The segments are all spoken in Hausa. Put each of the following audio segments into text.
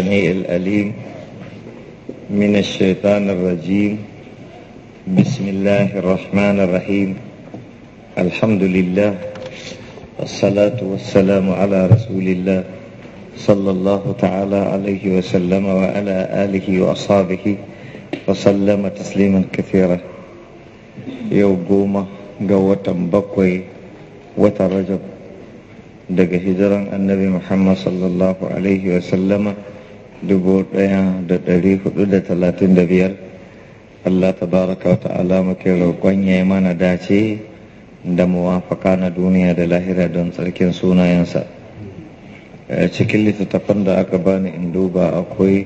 السميع الأليم من الشيطان الرجيم بسم الله الرحمن الرحيم الحمد لله الصلاة والسلام على رسول الله صلى الله تعالى عليه وسلم وعلى آله وأصحابه وسلم تسليما كثيرا يوقوما قوة بقوي وترجب هجران النبي محمد صلى الله عليه وسلم dubu da ɗari hudu da da biyar Allah ta baraka wa ta'ala muke roƙon ya yi mana dace da muwafaka na duniya da lahira don tsarkin sunayensa eh, cikin littattafan da aka bani in duba akwai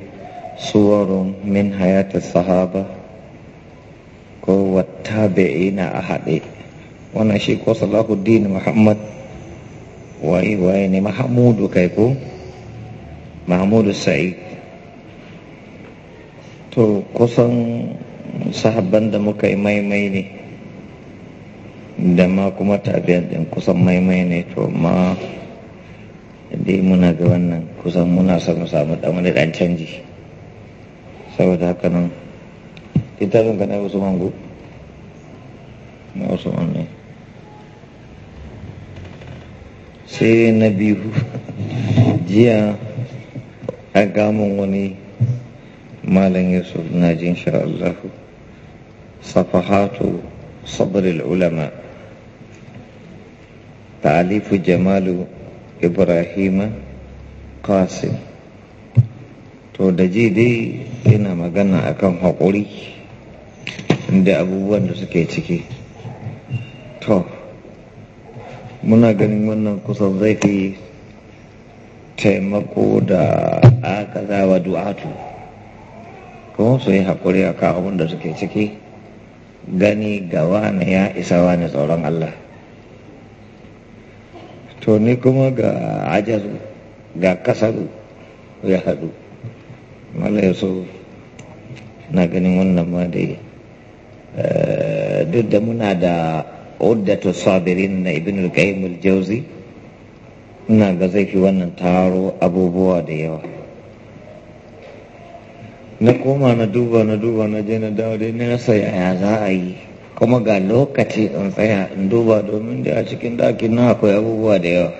suwarun min hayata sahaba ko na a haɗe wannan shi ko salahuddin muhammad waye waye ne mahamudu kai ko Mahmud sa'id to kusan sahabban da muka yi maimai ne da ma kuma tabiyan din kusan maimai ne to ma dai muna ga wannan kusan muna mu samu dan wani dan canji saboda haka nan littafin ka na wasu go na wasu ne sai na biyu jiya a kamun wani malam yusuf na jin sha safahatu sabril ulama ta'alifu jamalu ibrahima qasim to da ji dai yana magana akan haƙuri da abubuwan da suke ciki to muna ganin wannan kusan zai fi taimako da aka wa du'atu ko su yi haƙuri a kawo abin suke ciki gani ga wani ya isa wani tsoron Allah to ni kuma ga ajazu ga kasaru ya haɗu mala so na ganin wannan ma dai eh, duk da muna da to sabirin na ibn al-qayyim al-jawzi ina ga zai fi wannan taro abubuwa da yawa na koma na duba na duba na je na dawo dai na rasa yaya za a yi kuma ga lokaci in tsaya in duba domin da a cikin ɗakin na akwai abubuwa da yawa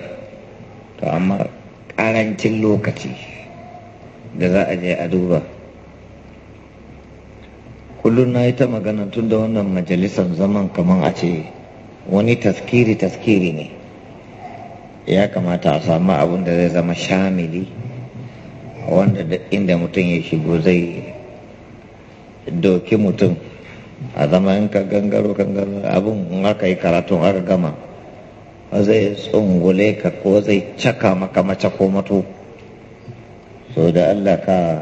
to amma ƙarancin lokaci da za a je a duba kullum na yi ta magana tun da wannan majalisar zaman kamar a ce wani taskiri taskiri ne ya kamata a samu abin da zai zama shamili wanda inda mutum ya shigo zai doki mutum a zama in ka gangaro gangaro abin aka yi karatun aka gama zai tsungule ka ko zai caka maka mace ko mato so da allah ka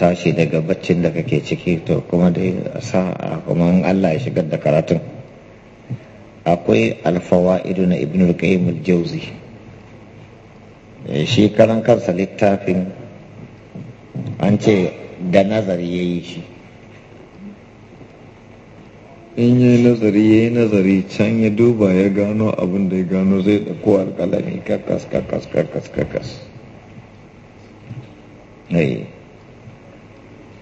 tashi daga baccin da kake ciki to kuma dai sa kuma Allah ya shigar da karatun akwai alfawa ido na ibn al-qayyim al-jawzi eh, shi karan kansa littafin an ce da nazari yayi shi in yi nazari ya yi nazari can ya duba ya gano abin da ya gano zai ɗauko alƙalami kakas kakas kakas kakas eh.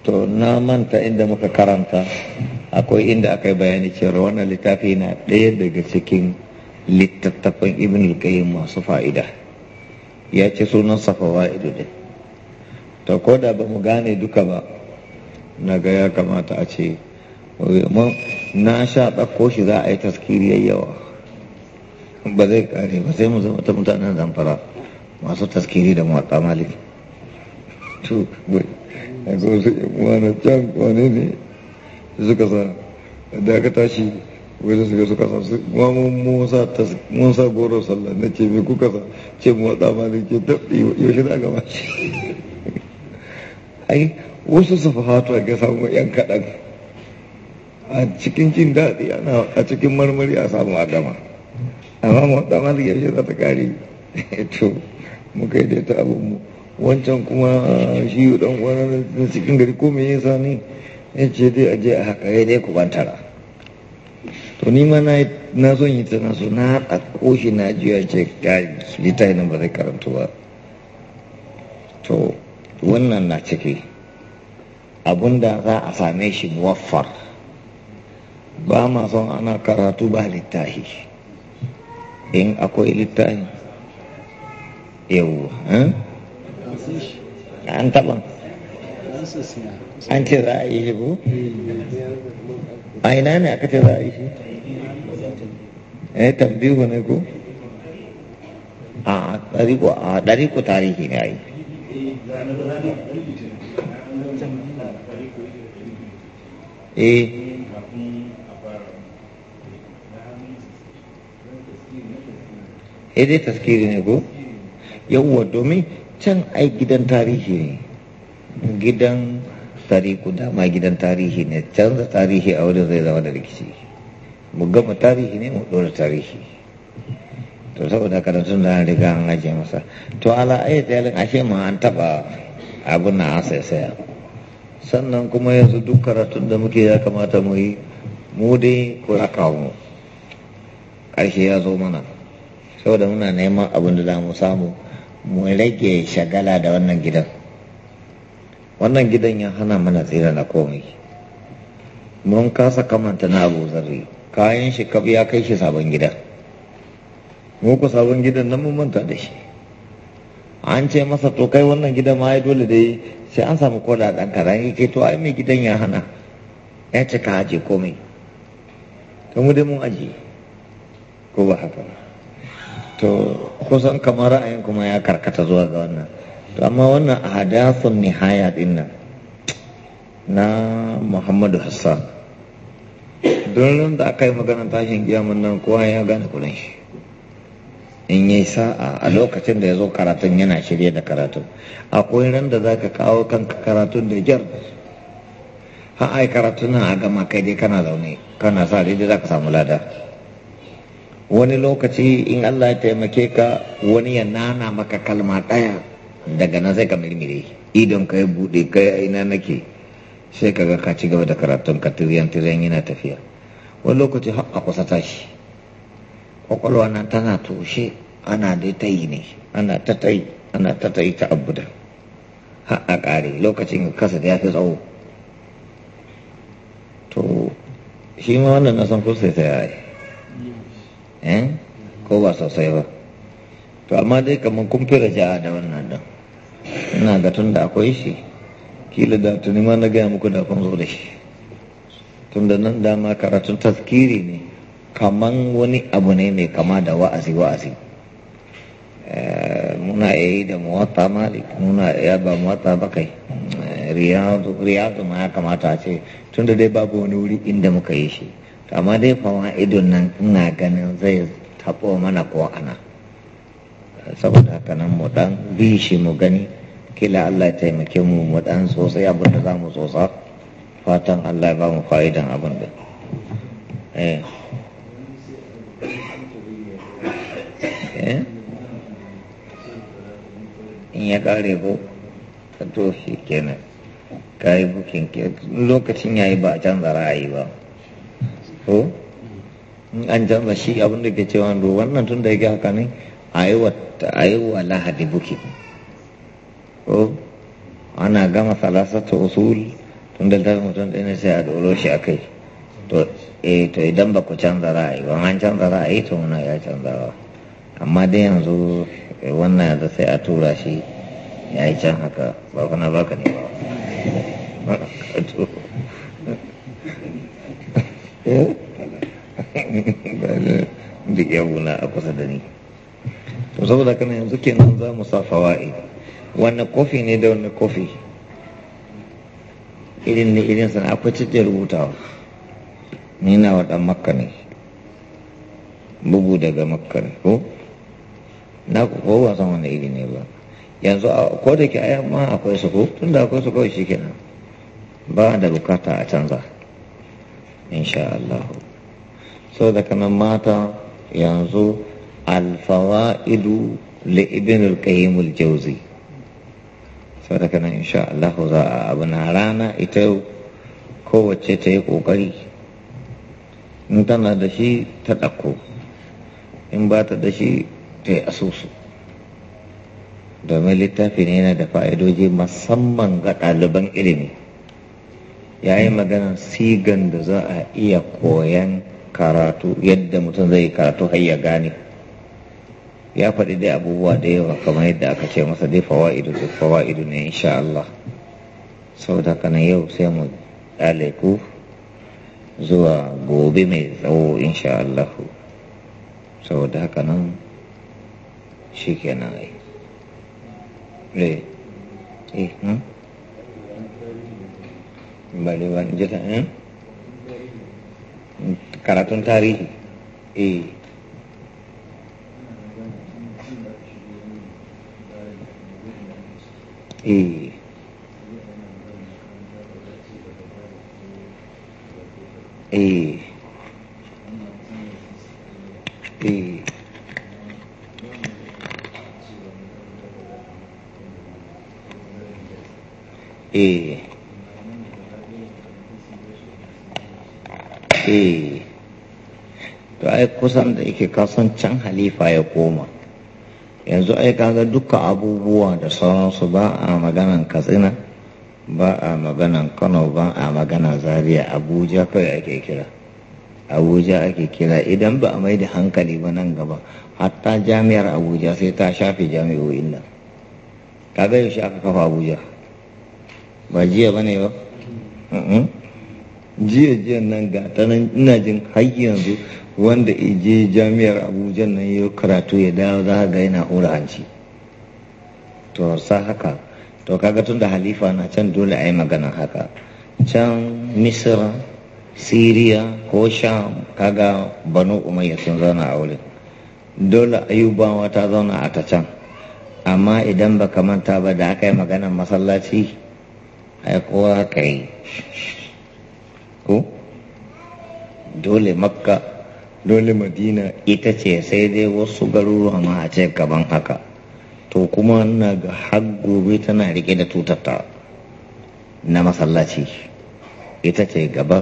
to na manta inda muka karanta akwai inda aka yi bayani cewa wannan littafi na ɗaya daga cikin littattafan ibn al-qayyim masu fa'ida ya ce sunan safawa ido ɗin to ko da ba mu gane duka ba na ga ya kamata a ce na sha ɗauko shi za a yi taskiriyar yawa ba zai kare ba sai mu zama ta mutanen zamfara masu taskiri da mawaƙa maliki to wani can wani ne suka sa da aka tashi wajen su suka suka su kuma mun sa goro sallah na ce me kuka sa ce mu wata ma da ke tabbi yaushe za gaba shi? ai wasu safahatu a ga samu yan kaɗan a cikin jin daɗi ana a cikin marmari a samu adama amma mu wata ma ne yaushe za ta kare to muka yi da ta abin mu wancan kuma shi yi ɗan na cikin gari ko me yasa ne in eh, ce dai aje a haka ya eh, dai ku bantara to ni ma na son yi ta nasu na haɗa koshi na jiya ce lita na ba zai karantu ba to wannan na ciki abinda za a same shi muwaffar ba ma son ana karatu ba littahi in akwai littahi yau eh? an taɓa an ce za a yi shi a ina ne aka ce za a yi shi eh tambihu ne ko a ɗariko a tarihi ne a yi eh eh dai taskiri ne ko yawwa domin can ai gidan tarihi ne gidan tariku dama gidan tarihi ne canza tarihi a wurin zai zama da rikici mu gama tarihi ne mu ɗora tarihi to saboda karatun da riga an ajiye masa to ala ayyadalin ashe ma an taɓa abin na asa saya sannan kuma yanzu duk karatun da muke ya kamata mu yi mu dai ko a kawo ƙarshe ya zo mana saboda muna neman abin da za mu samu mu rage shagala da wannan gidan wannan gidan ya hana mana tsira na komai mun kasa kamanta na abu zarri kayan shi kaf ya kai shi sabon gidan mu ku sabon gidan nan mun manta da shi an ce masa to kai wannan gidan ma ya dole dai sai an samu koda dan karan yake to ai mai gidan ya hana ya ce ka aje komai to mu dai mun aje ko ba haka to kusan kamar ra'ayin kuma ya karkata zuwa ga wannan kama wannan hadafin nihaya dinnan. na Muhammadu Hassan don da aka yi maganar tashin kiyamun nan kowa ya gane kudin shi in yi sa'a a lokacin da ya zo karatun yana shirye da karatun akwai ran da za ka kawo kanka karatun da jar ha ai karatun nan a gama kai dai kana zaune kana sa dai za ka samu lada wani lokaci in allah ya taimake ka wani ya nana maka kalma ɗaya daga nan sai ka mirmire idon ka ya bude ka ya ina nake sai ka ga ka ci gaba da karatun ka tiriyan tiriyan yana tafiya wani lokaci har a kusa tashi kwakwalwa nan tana toshe ana da ta yi ne ana ta ta yi ana ta ta yi ta abu da har a ƙare lokacin kasa da ya fi tsawo to shi ma wannan na san kusa ta yaya eh? ko ba sosai ba to amma dai kamar kun fi da wannan din ina ga tun da akwai shi kila da tuni ma na gaya muku da kun zo da shi tun da nan dama karatun taskiri ne kaman wani abu ne mai kama da wa'azi wa'azi eh, muna yi da muwatta malik muna ya ba muwatta ba kai eh, riyadu ma ya kamata a ce tun da dai babu wani wuri inda muka yi shi amma dai fawa idon nan ina ganin zai taɓo mana ko ana saboda haka nan mu dan bi shi mu gani kila Allah ya taimake mu mu dan sosai abin da zamu tsotsa fatan Allah ya ba mu fa'idan abin da eh, eh? in ya kare ko to shi kenan kayi bukin lokacin yayi ba a canza ra'ayi ba ko in an canza shi abin da ke cewa wannan tun da ya haka ne a yi wa lahadi bukin ko ana gama salasatu usul tun da tafi mutum ɗaya sai a doro shi a kai to idan ba ku canza ra'ayi ba an canza ra'ayi to muna ya canzawa amma dai yanzu wannan yanzu sai a tura shi ya yi can haka ba kuna baka ne ba duk a kusa da ni to saboda kana yanzu kenan za mu sa fawa'i wannan kofi ne da wannan kofi irin ne irin sana akwai cikin rubutawa ni na wa dan makka ne bugu daga makka ne ko na ku ko ba san wani iri ne ba yanzu ko da ke ayan ma akwai su ko tun da akwai su kawai shikenan ba da bukata a canza insha Allah sau da kanan mata yanzu alfawa'idu li ibn al-qayyim al-jawzi sau da kanan insha Allah za a abu na rana ita kowace ta yi ƙoƙari in tana da shi ta ɗauko in ba ta da shi ta yi asusu domin littafi ne yana da fa'idoji musamman ga ɗaliban ilimi ya yi magana sigan da za a iya koyan karatu yadda mutum zai karatu har ya gane ya faɗi dai abubuwa da yawa kamar yadda aka ce masa dai fawa'idu da fawa'idu ne insha Allah sau da kana yau sai mu ɗaleku zuwa gobe mai tsawo insha Allah sau da haka nan shi ke kenan ai eh eh hmm? bale wani jita eh karatun tarihi eh Eh. eh eh eh eh to ai kusan da yake kasan can halifa ya koma yanzu ai kaga dukkan abubuwa da sauransu ba a maganan katsina ba a maganan kano ba a maganan zaria abuja kawai ake kira abuja ake kira idan ba a mai da hankali ba nan gaba hatta jami'ar abuja sai ta shafe jami'o'in nan kaga yaushe aka kafa abuja ba jiya ba ne ba jiya jiya nan ga ta nan ina jin har yanzu wanda ije jami'ar abuja nan ya karatu ya dawo za ga yana hura hanci to sa haka to kaga tun da halifa na can dole a yi magana haka can misira siriya ko sham kaga banu umayya sun zauna a wurin dole ayubawa ta zauna a ta can amma idan ba manta ba da aka yi maganar masallaci ai kowa ka yi ko dole makka dole madina ita ce sai dai wasu garuruwa ma a ce gaban haka to kuma na ga har gobe tana rike da tutatta na masallaci ita ce gaba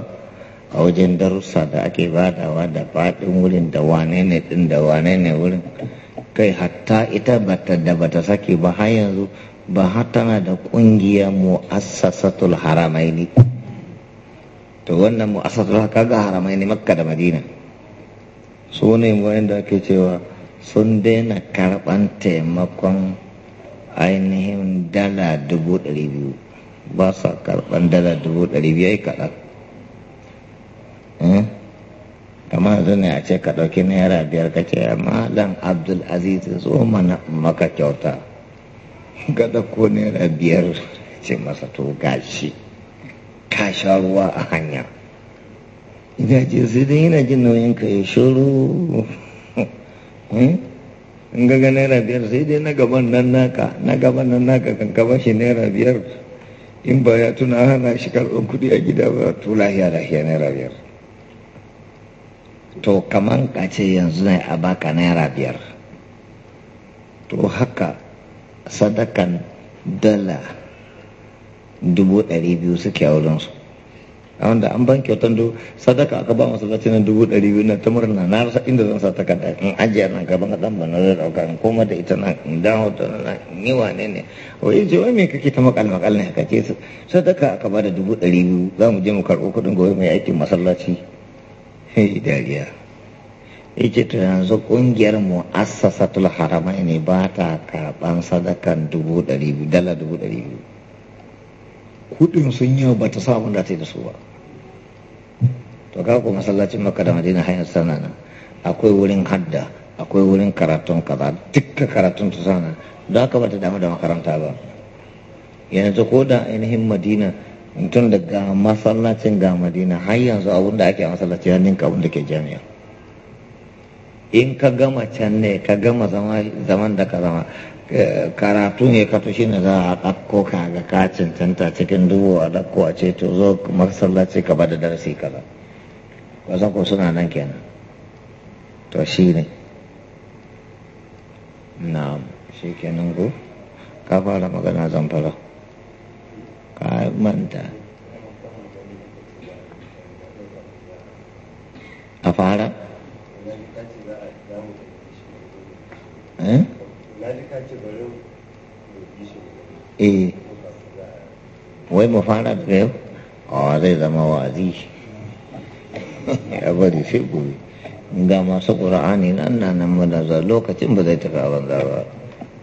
a wajen darussa da ake badawa da faɗin wurin da wane ne ɗin da wane ne wurin kai hatta ita bata da bata sake ba har yanzu ba har tana da ƙungiyar mu'assasatul haramaini to wannan mu'assasatul haramaini makka da madina su ne wanda ake cewa sun daina karɓan taimakon ainihin dala dubu ɗari biyu ba sa karɓan dala dubu ɗari biyu ai kaɗan kama eh? yanzu ne a ce ka ɗauki naira biyar ka ce malam abdul aziz zo mana maka kyauta ka ɗauko naira biyar ce masa to gashi ka sha ruwa a hanya ina ce sai dai yana jin nauyin ka ya shuru hmm? in gaga naira biyar sai dai na gaban nan naka na gaban nan naka kan ka shi naira biyar in ba ya tuna hana shi karɓar kuɗi a gida ba to lahiya lahiya naira biyar to kaman ka ce yanzu ne a baka naira biyar to haka sadakan dala dubu ɗari biyu suke a wurinsu a wanda an ban kyautan do sadaka aka ba masallaci na dubu ɗari biyu na ta murna na rasa inda zan sa takarda in ajiya na gaban kaɗan ba na zai ɗauka in koma da ita na in dawo ta na ni wane ne wai ce wai me kake ta makal makal ne kake su sadaka aka ba da dubu ɗari biyu za mu je mu karɓo kuɗin gobe mai aikin masallaci hei dariya ya ta yanzu ƙungiyar mu assasatul haramai ne ba ta karɓan sadakan dubu ɗari biyu dala dubu ɗari biyu kudin sun yi ba ta sa da ta yi da su ba to ga ku masallacin makka da madina hanyar sana akwai wurin hadda akwai wurin karatun kaza dukkan karatun ta sana da aka ba damu da makaranta ba yanzu ko da ainihin madina tun daga masallacin ga madina har yanzu abin da ake masallaci hannun ka da ke jami'a in ka gama can ne ka gama zaman da ka zama eh, karatu ne ka tushe ne za a ɗakko ka ga ka cancanta cikin dubu a ɗakko a ce to zo masallaci ka bada darasi kaza wasan ko suna nan kenan to shi ne na shi kenan ko ka fara magana zan fara ka manta a fara eh wai mu fara daga yau a zai zama wazi bari sai gobe ga masu ƙura'ani nan na nan madaza lokacin ba zai tafi a banza ba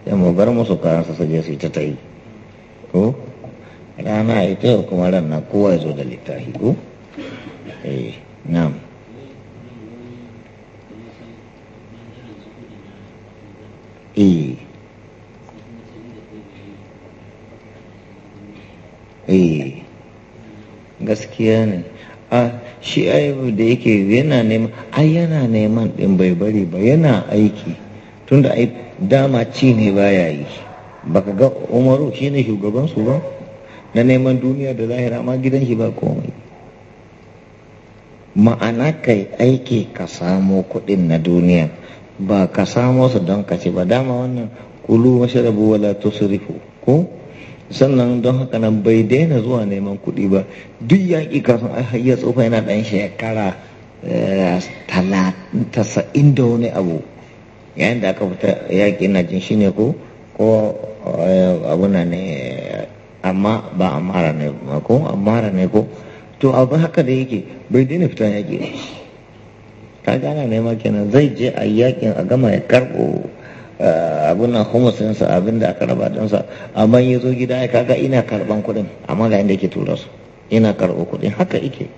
ya mu bar musu kayan su je su ta ta yi ko rana ita kuma ranar kowa ya zo da littafi ko eh na'am eh gaskiya ne a shi aibu da yake yana neman ai yana neman din bai bari ba yana aiki tunda ai dama ci ne baya yi baka ga umaru shi ne shugaban su ba na neman duniya da zahira ma gidan shi ba komai ma'ana kai aiki ka samo kuɗin na duniya ba ka samo su don ka ci ba dama wannan kulu masharabu wala tusrifu ko sannan don haka nan bai daina zuwa neman kuɗi ba duk yaƙi kafin a ya tsofa yana ɗan shekara eh, tasa'in da wani abu yayin da aka fita yaƙi na jin shi ne ko ko eh, na ne amma ba amara ne ko amara ne ko to abin haka da yake bai daina fita yaƙi ka gana nema kenan zai je a yaƙin a gama ya karɓo Eh, abin nan humusinsa abin da aka raba dinsa amma ya zo gida ya kaga ina karban kuɗin amma ga inda yake tura su ina karɓo kuɗin haka yake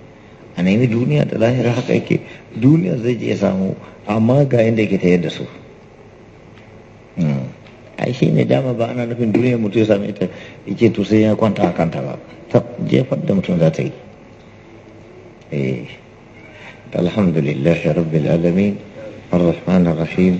a nemi duniya da lahira haka yake duniya zai je ya samu amma ga inda yake tayar da su hmm. ai shi ne dama ba ana nufin duniya mutum ya samu ita yake to sai ya kwanta a kanta ba ta jefar da mutum za ta yi rabbi eh. alhamdulillahi rabbil alamin الرحمن الرحيم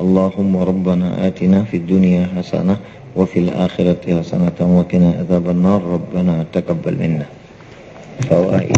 اللهم ربنا آتنا في الدنيا حسنة وفي الآخرة حسنة وقنا عذاب النار ربنا تقبل منا فوائد